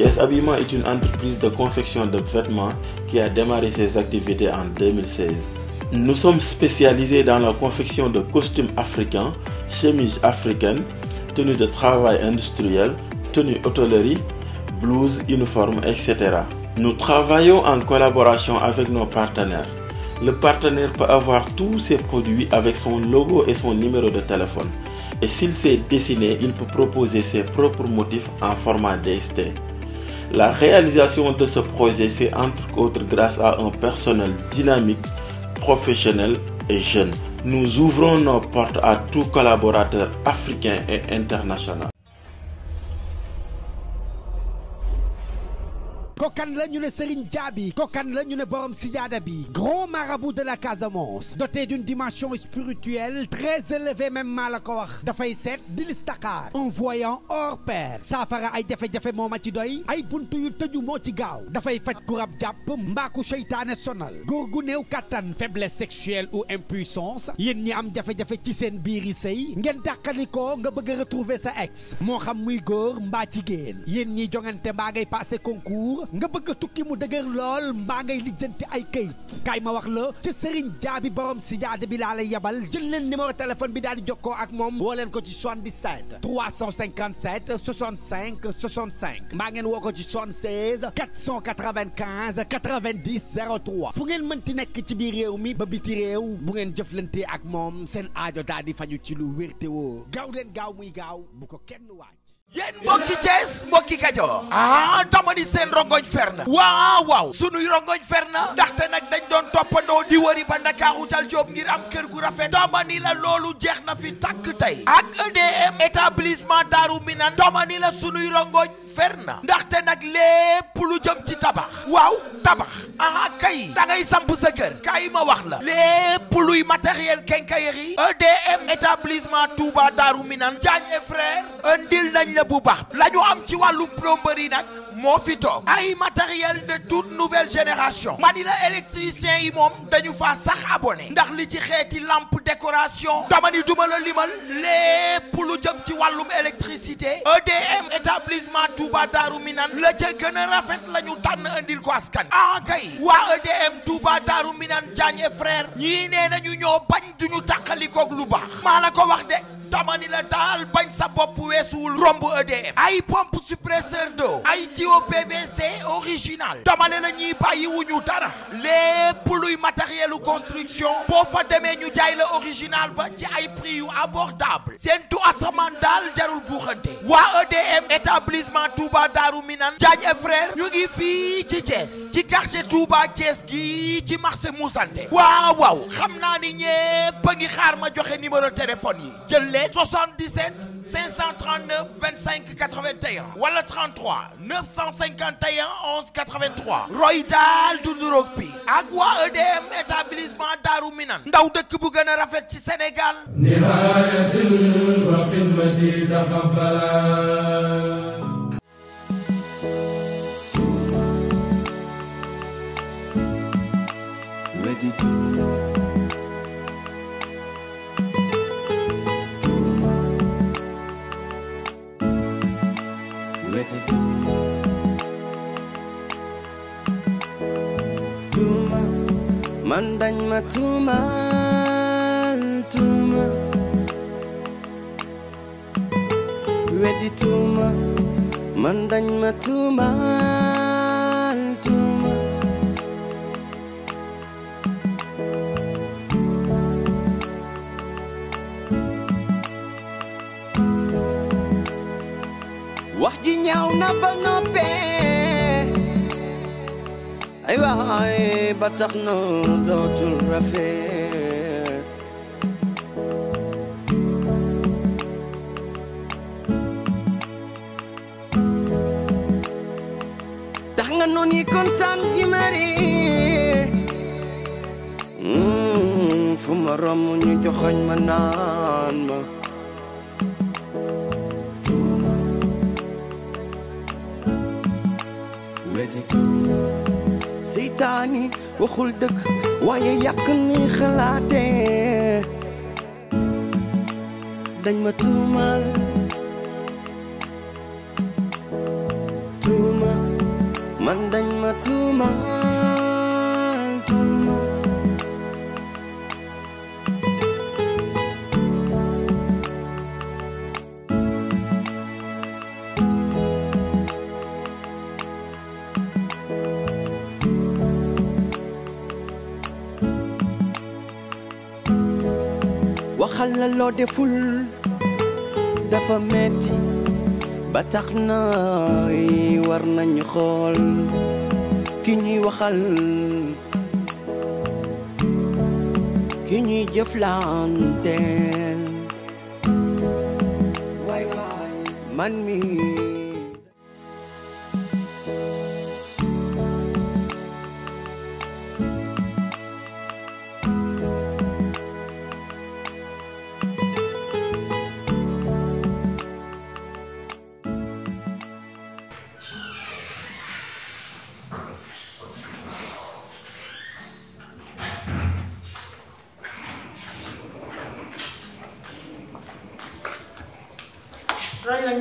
Yes Habillement est une entreprise de confection de vêtements qui a démarré ses activités en 2016. Nous sommes spécialisés dans la confection de costumes africains, chemises africaines, tenues de travail industriel, tenues hôtellerie, blouses, uniformes, etc. Nous travaillons en collaboration avec nos partenaires. Le partenaire peut avoir tous ses produits avec son logo et son numéro de téléphone. Et s'il s'est dessiné, il peut proposer ses propres motifs en format DST. La réalisation de ce projet, c'est entre autres grâce à un personnel dynamique, professionnel et jeune. Nous ouvrons nos portes à tous collaborateurs africains et international. kokan la le ne Serigne Diaby kokan la ñu borom sijaada bi grand marabout de la Casamance doté d'une dimension spirituelle très élevée même mal la ko wax set di voyant hors pair Safara ay jafé jafé moma ci doy ay buntu yu tëju mo ci gaaw dafay fay fajj rab jàpp mbaa ku sonal faiblesse sexuelle ou impuissance yeen ñi am jafé jafé ci seen biir sey sëy ngeen nga bëgg retrouver sa ex mo xam muy mba ci geen yeen ñi jongante ngay passer concours nga bëgg a tukki mu dëgër lool mbaa ngay lijjanti ay këyit kaay ma wax la ci Serigne Jaabi borom si jaada bi laa la yebal jël leen numéro téléphone bi daal di jokkoo ak moom woo leen ko ci 77 357 65 65 mbaa ngeen woo ko ci 76 495 90 03 fu ngeen mënti nekk ci biir réew mi ba biti réew bu ngeen jëflante ak moom seen aajo daal di faju ci lu wér te woo gaaw leen gaaw muy gaaw bu ko kenn waaj yéen mbokki Thiès mbokki Kajoor ah dama seen rongoñ fer na waaw waaw sunuy rongoñ fer na ndaxte nag dañ doon toppandoo di wëri ba Ndakaaru cal Joob ngir am kër gu rafet dama ni la loolu jeex na fi tàkk tey ak EDM établissement Daaru Minan dama la sunuy rongoñ fer na ndaxte nag lépp lu jëm ci tabax waaw tabax ah kay da samp sa kër kay ma wax la lépp luy matériel quincaillerie EDM établissement Touba Daaru Minan Diagne et frère andil nañ la bu baax la am ci matériel de toute nouvelle génération Manila électricien yi mom dañu fa sax abonné ndax li ci lampe décoration dama ni duma la limal lépp lu jëm ci électricité EDM établissement Touba la ci la rafet la ko askan ah kay EDM Touba frère ñi né nañu ñoo bañ duñu ak lu baax la Tamani le la daal bañ sa bopp weesuwul rombo EDM ay pompe suppresseur d'eau ay tuyau PVC original damale la ñi bàyyi wuñu dara lépp luy matérielu construction bo fa démé ñu jaay la original ba ci ay prix yu abordable sen tu asamaan dal jarul buuxante wa EDM établissement Touba Darou Minan Diagne e frère ñu ngi fi ci Thiès ci quartier Touba Thiès gi ci marché Moussante waaw waaw xam ni ñépp xaar ma joxe numéro téléphone yi jël 77 539 25 81 wala 33 951 11 83 Roydal Doudourogpi du EDM établissement Darou Minan ndaw dëkk bu gëna rafet ci Sénégal mandanyma tumaltuma wedi tuma mandanyma tumaltuma wax ji ñaaw na ba jaay ba to na dootul rafet tax nga noon yi kontaan di mari fu ma romb ñu joxoñ seytaani waxul dëgg waaye yàq ni xalaate dañ ma tuumaal tuuma man dañ ma tuumaal xalal loo deful dafa metti ba tax na war nañu xool ki ñuy waxal ki man mi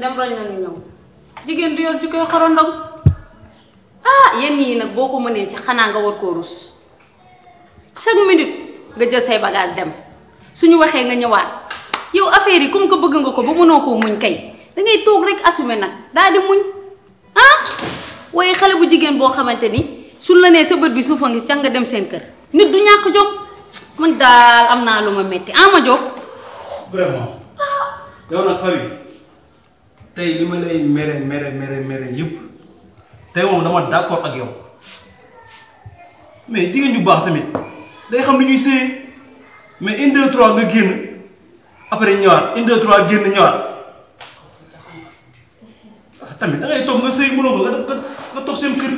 dem roñ nañu ñew jigen du yor jukkoy xorondong ah yenn yi nak boko mëne ci xana nga war ko rus chaque minute nga jël say bagage dem suñu waxee nga ñëwaat yow affaire yi kum ko bëgg nga ko bu mëno ko muñ kay da ngay tok rek assumer nak dal di muñ ah way xalé bu jigen bo xamanteni suñ la né sa bët bi suufa ngi sax nga dem seen kër nit du ñak man dal am luma metti ama ma vraiment ah! yow nak tay lima lay mere mere mere mere yëpp tay mom dama d'accord ak yow mais jigéen ju baax tamit day xam lu ñuy sëyee mais 1 2 3 nga genn après ñëwaat 1 2 3 genn ñëwaat ah, tamit da ngay tok nga sey mëno nga nga tok seen kër.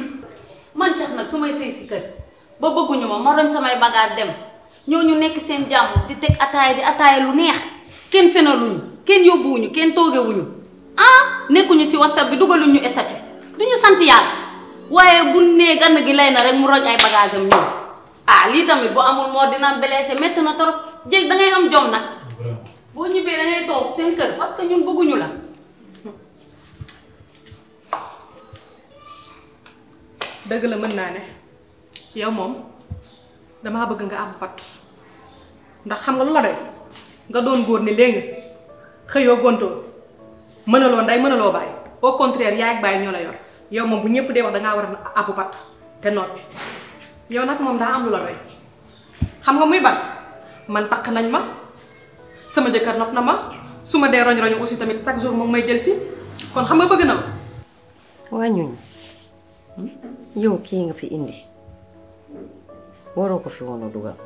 man xax nak sumay sey ci kër ba bëgguñu ma ma roñ samay bagar dem ñoo ñu nekk seen jamm di tek ataay di ataay lu neex kenn fenaluñu kenn yóbbuwuñu kenn toogewuñu ah ñu ci whatsapp bi ñu statut duñu sant yalla waye bu ne gan gi layna na rek mu roj ay bagage am ñëw ah li tamit bu amul mo dina blessé métti na torop jeeg da ngay am jom nak bo ñibé da ngay toog seen kër parce que ñun bëgguñu la deug la mëna né ne yow mom dama bëgg nga am pat ndax xam nga lu la doy nga doon goor ni xeyo gontoo lo nday lo bay au contraire yaay ak bay ñola yor yow mom bu ñepp dee wax da nga war abou pat té nopi yow nak mom da am lu la xam nga muy ban man tak nañ ma sama jëkkar nopp na ma suma dé roñ-roñ aussi tamit chaque jour moom may jël ci kon xam nga bëgg na ma. yow ki nga fi indi waroo ko fi wono a dugal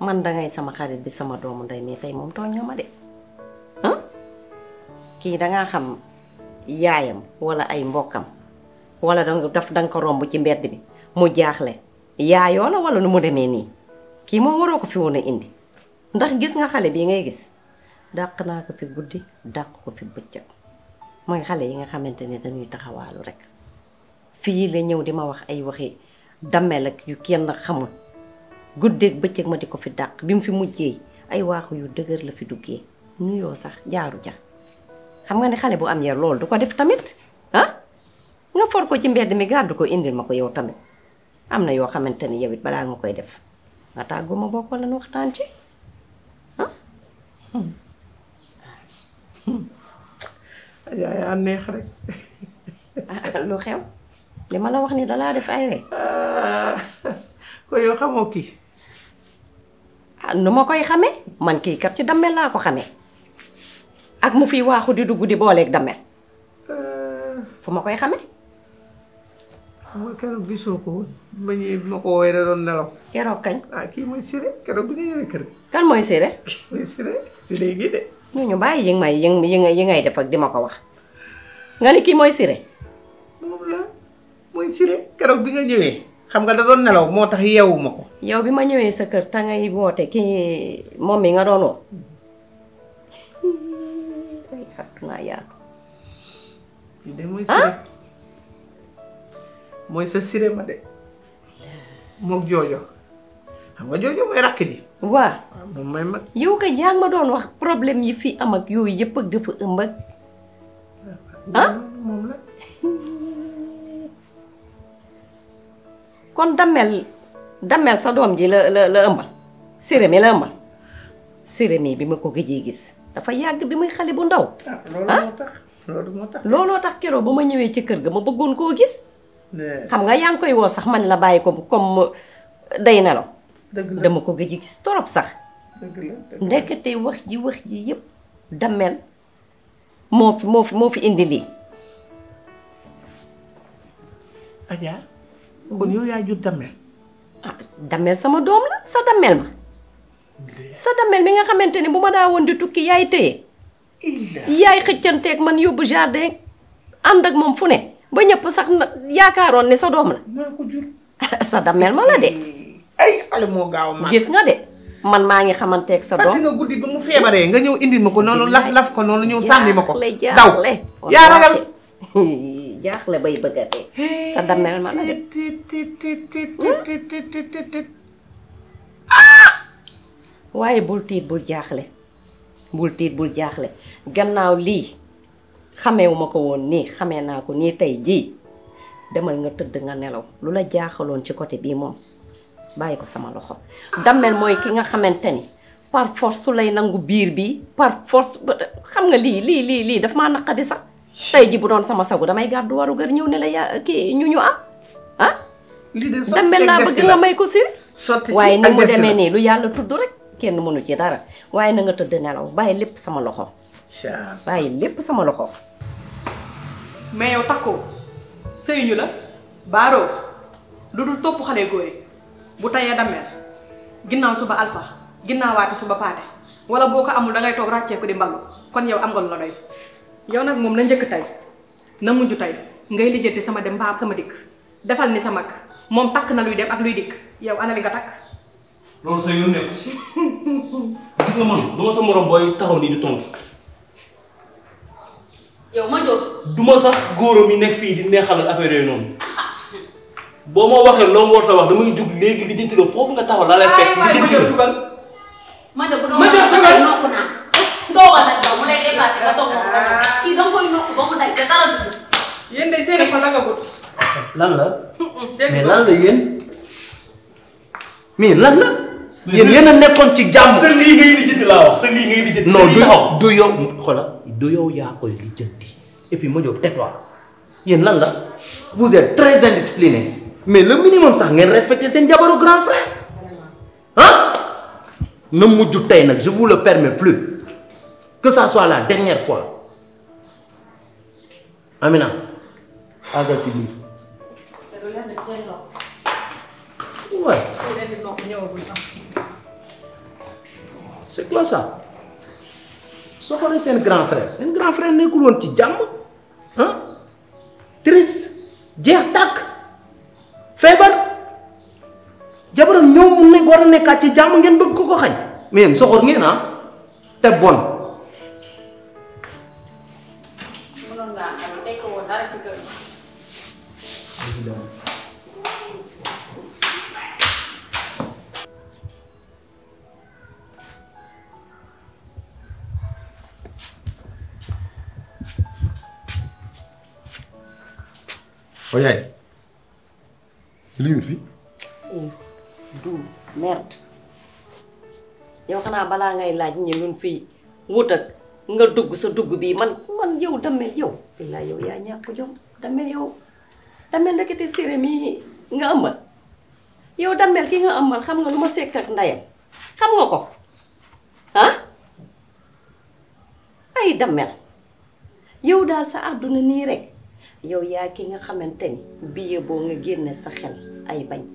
man ngay sama xarit di sama doomu nday mi tay mom tooñ nga ma de kii nga xam yaayam wala ay mbokam wala da daf dang ko rombu ci mbedd bi mu jaxlé yaayo la wala nu mu démé ni ki mo waro ko fi wona indi ndax gis nga xalé bi ngay gis dak na ko fi guddi dak ko fi becc moy xalé yi nga xamanteni dañuy taxawaalu rek fii la ñew di wax ay waxi damel ak yu kenn xamul becc ak ma di ko fi dak bimu fi mujjé ay waxu yu deugër la fi duggé nuyoo sax jaaru ja xam nga ni xale bu am yar loolu du ko def tamit ah nga for ko ci mbedd mi gàddu ko indi ma ko yow tamit am na yoo xamante ni yow it koy def nga tàggu ma bokk yaay ah? hmm. hmm. yaa neex rek. lu xew li ma la wax ni dalaa def ay rek. ko yow xamoo kii. Ah, nu ma koy xamee man kii kat ci dammel laa ko xamee. ak mu fi waxu di duggu di ak damel euh fuma koy xamé mo kéro bisoko gisoo ko woon ma ko woowee da doon nelaw. kéro kañ. ah ki moy séré kéro bu ñëwé kër kan mooy Siré. mooy Siré Siré gii de. ñu ñu yi nga may yi nga yi ay def ak di ma ko wax nga ni ki moy séré mom la moy séré kéro bi nga ñëwé xam nga da doon nelaw moo tax yeewu ko. yow bi ma sa kër ta ngay woté ki mom mi nga doon naa yaatu. lii de mooy siré sa siré ma de moog joojo xam nga joojo mooy rakk ji. waaw moom mooy yaa ma doon wax problème yi fi am ak yooyu yëpp ak dafa ëmb ak ah kon damel damel sa doom ji la la la ëmbal siré mi la ëmbal siré mi bi ma ko gëjee gis. dafa yàgg bi muy xale bu ndaw. ah, ah? loolu moo tax looloo tax keroog ba ma ñëwee ci kër ga ma bëggoon koo gis. xam nga yaa ngi koy woo sax man la bàyyi ko comme day nelaw. dama ko gëj gis torop sax. wax ji wax ji yëpp damel moo fi moo fi moo fi indi lii. aja kon yow yaa jur damel. ah damel sama doom la sa damel ma. sa damel mi nga xamante ni bu ma daa woon di tukki yaay téye yaay xëccanteeg man yóbbu jardin ànd ak moom fu ne ba ñëpp sax yaakaaroon ne sa doom la sa damel ma la de ay ma gis nga de man maa ngi xamanteek sa doom guddi mu feebaree nga ñëw indil ma ko noonu laf laf ko noonu ñëw sànni ma ko daw yaa ragal jaaxle bay bëgg dee sa damel ma la de hmm? waye bul tit bul jaxlé bul tit bul jaxlé gannaaw lii xamewuma ko woon nii xamee naa ko nii tey jii demal nga teud nga nelaw lula jaxalon ci côté bi mom bayiko sama loxo damel moy ki nga xamanteni par force lay nangu birbi, bi par force xam nga li, li, li, li. daf ma naqadi sax tay ji bu don sama sagu damay gaddu waru gër ñew ne la ki ñu ñu am ah dammel laa bëgg nga may ko sir waye ni mu ni lu yalla tuddu rek kenn mënu ci dara waye na nga teud nelaw baye lepp sama loxo. baye lepp sama loxo. mais yow takko seyñu la baro luddul top xalé xale bu tayee ya dammeel suba alpha ginnaaw waati suba paté wala amul da ngay tok raccé ko di mballu kon yow am nga la doy. yow nak mom na ñëk tay na muñju tay ngay lijjanti sama dem mbaa sama dik defal ni sama mag moom takk na luy dem ak luy dik yow ana li nga tak loolu sa yoon nekk si gis nga man duma sa morom booy taxaw nii di tontu. yow ma jóg. du ma sax góoram yi nekk fii di neexal affaire yooyu noonu boo ma waxee loolu warut a wax damay jug léegi li jënd la nga taxaw nag yow mu lay dara dugg. yéen de seen lan la. mais lan la yéen mais lan la. yéen yéen a nekkoon ci jàmm. sa lii ngay lijjanti laa wax sa lii ngay lijjanti. sa lii non du du yow xoolal du yow yaa koy lijjanti et puis ma jóg tais-toi yéen lan la vous êtes très indiscipliné mais le minimum sax ngeen respecté seen jabaru grand frère ah na mujj tey nag je vous le permets plus que ça soit la dernière fois Amina àggal si biir. te du lenn seen loxo. c'est quoi ça soxore sen grand frère kurun grand frère nekkul woon ci jàmm ah triste jeex tàkk feebar jabaram ñëw mu ne war a nekkaat ci jàmm ngeen bëgg ko ko xañ ngeen ah? te bon dara oo yaay li ñu fi. Eh, du merde yow xanaa balaa ngay laaj ñu luñ fii wut nga dugg sa dugg bii man man yow damel yow. billaay yow yaa ñàkk jom damel yow damel ndekete séré mi nga amal yow damel ki nga amal xam nga lu ma sekk ak ndeyam xam nga ko ah ay damel yow daal sa àdduna nii rek. yow yaay ki nga xamanteni biye bo nga génne sa xel ay bañ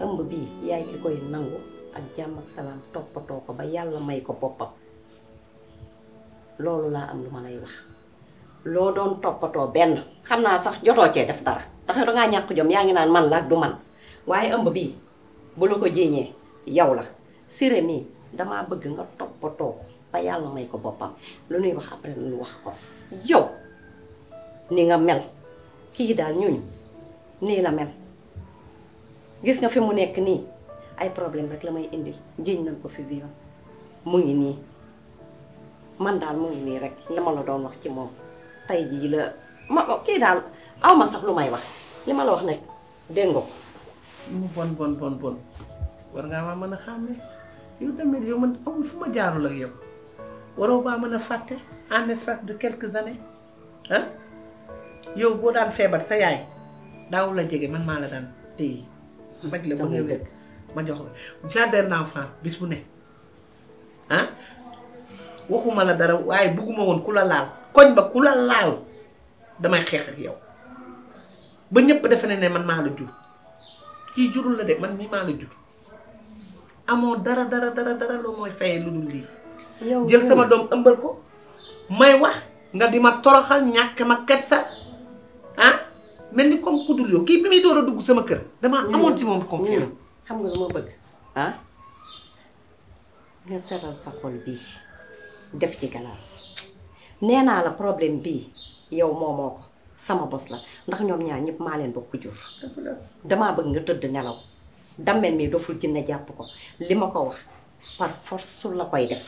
ëmb bi yaay ki koy nangu ak jamm ak salam topato ko ba yalla may ko bopam loolu la am luma lay wax lo doon topato ben xamna sax joto ci def dara tax yow nga ñak jom yaangi naan man la du man waye ëmb bi bu lu ko jéñee yaw la siré mi dama bëgg nga topato ba yalla may ko bopam lu nuy wax après lu wax ko yow ni nga mel kii daal ñooñu nii la mel gis nga fi mu nekk nii ay problème rek la may indi jiiñ nañ ko fi biir mu ngi nii man daal mu ngi nii rek la ma la doon wax ci moom tey jii la ma kii daal aw sax lu may wax li ma la wax nag dégg nga ko mu bon bon bon bon war ngaa maa mën a xàmme yow tamit yow man amul fu ma jaarul ak yow waroo baa mën a fàtte en espace de quelque années ah yow bo daan febar sa yaay daw la jégué man ma la daan té faj la bëgg nga ma jox jardin d'enfant bis bu né ah waxuma la dara waye bëgguma won kula laal koñ ba kula laal damay xeex ak yow ba ñëpp def na né man ma la jur ki jurul la dé man mi ma la jur amo dara dara dara dara lo moy lu dul jël sama dom ëmbël ko may wax nga di ma toroxal ñak ma kessa ah mel comme ku dul yow bi muy door dugg sama kër damaa amoon ci moom confiance. xam nga lu ma bëgg ah nga seetal sa xol bii def ci glace nee naa la problème bii yow moomoo sama bos la ndax ñoom ñaar ñëpp maa leen bokk jur. damaa bëgg nga tëdd nelaw dammel mi doful ci ne jàpp ko li ma ko wax par force la koy def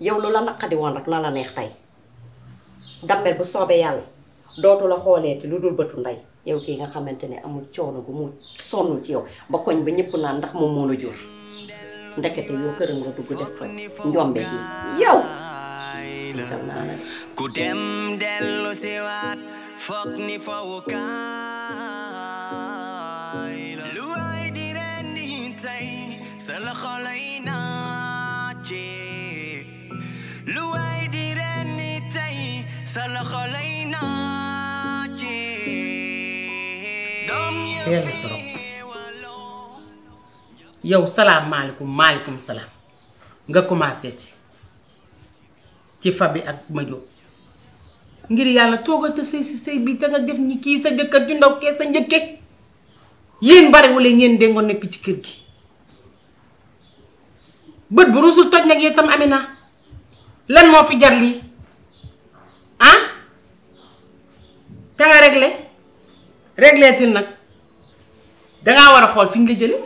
yow lu la naqadi woon rek na la neex tey dammel bu soobee dootu la xooleeti lu dul bëtu ndey yow kii nga xamante ne amul coono gu mu sonn ci yow ba koñ ba ñëpp naan ndax moom moo la jur ndekete yoo këram nga dugg def fa njombe ji yow ku dem dellu si waat foog ni fawu kaay lu waay di ren di tey sa loxo lay naaje lu waay di ren di tey sa loxo lay naa yow salaam maalekum maalekum maaleykum salaam nga commencé ci ci fabi ak ma jóg ngir yàlla toogal te sëy si sëy bi te nga def ñi kii sa jëkkër ju ndaw kee sa njëkkee yéen bari wala ngeen nekk ci kër gi bët bu rusul toj nag yow tam Amina lan moo fi jar lii ah te nga réglé réglé nag da nga wara xol fiñ la jële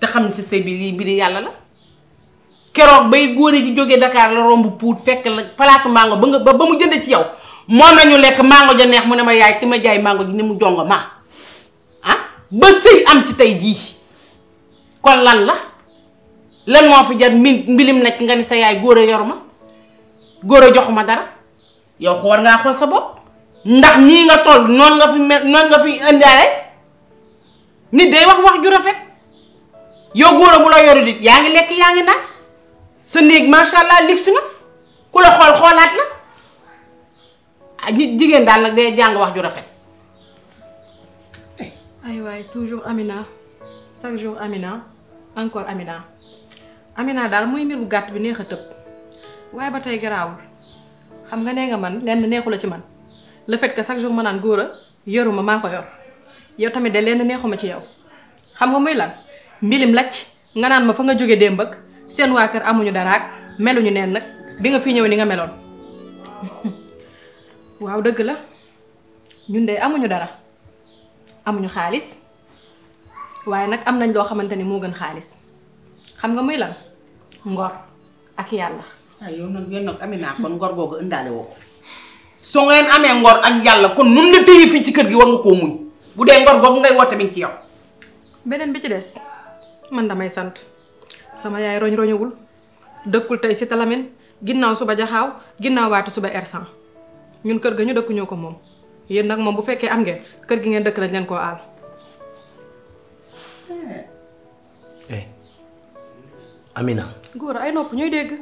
te xam ci sa bi li bi di yàlla la kérok bay góor ji joggé Dakar la romb pout fekk la plateau mango ba nga ba mu jënd ci yow lek mango ja neex mu ne ma yaay ki ma jaay mango ni mu jonga ma ah ba sey am ci tay jii kon lan la lan mo fi jar mbilim nek nga ni sa yaay góor a yor ma góor a dara yow xor nga xol sa bop ndax nga toll non nga fi non nga fi andale nit day wax wax ju rafet yow góor a bu la yoru dit yaa ngi lekk yaa ngi naan sa néeg macha allah ligg si ku la xool xoolaat la ah nit jigéen daal nag day jàng wax ju rafet. ay waay toujours Amina chaque jour Amina encore Amina Amina daal muy mbir bu gàtt bi neex a tëb waaye ba tey garaawul xam nga nee nga man lenn neexu la ci man le fait que chaque jour ma naan góora a yoruma maa ko yor. yow tamit de leen neexuma ci yow xam nga muy lan mbilim lacc nga naan ma fa nga jóge démb ak seen waa kër amuñu dara daraak meluñu neen nag bi nga fi ñëw ni nga meloon waaw dëgg la ñun de amuñu dara amuñu xaalis waaye nag am nañ loo xamante ni moo gën xaalis xam nga muy lan ngor ak yàlla waaw yow nag yow nag Amina kon amee ngor ak yàlla kon nun la téye fii ci kër gi war nga koo muñ bu dee ngor boobu ngay woote mi ci yow. beneen bi ci des man damay sant sama yaay roñ roñewul dëkkul tey si talamin ginnaaw suba jaxaaw ginnaaw waati suba ersan ñun kër ga ñu dëkkuñoo ko moom yéen nag moom bu fekkee am ngeen kër gi ngeen dëkk lañ leen koo aal. eh Amina. góor ay nopp ñuy dégg.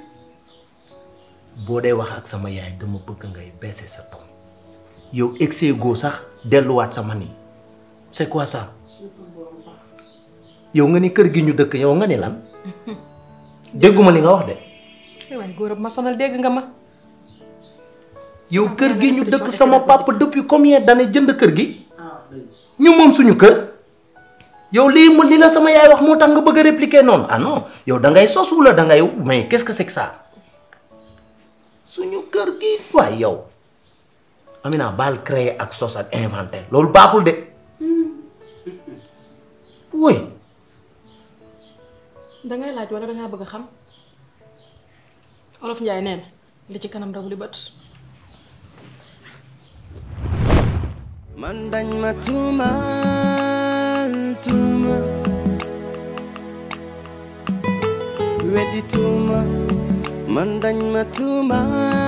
boo dee wax ak sama yaay dama bëgg ngay baissé sa ton yow egsee goo sax delluwaat sama nii. Saya kuasa. ça yow nga ni kër gi ñu dëkk yow nga ni lan deh. li nga wax dia gak mah. ma sonal dégg nga ma yow kër gi ñu sama papa depuis combien ya, ya, d'années jënd kër gi ah, ñu ya, moom suñu kër yow lii mu li la sama yaay wax moo tax nga bëgg non yow da ngay sos wala da ngay mais qu'est-ce que c'est que ça suñu kër gi yow Amina bal créer ak sos ak woi da ngay laaj wala da nga bëgg xam olof njaay neen li ci kanam rawuli li man dañ ma tuumaal tuuma weddi tuuma man dañ ma tuumaal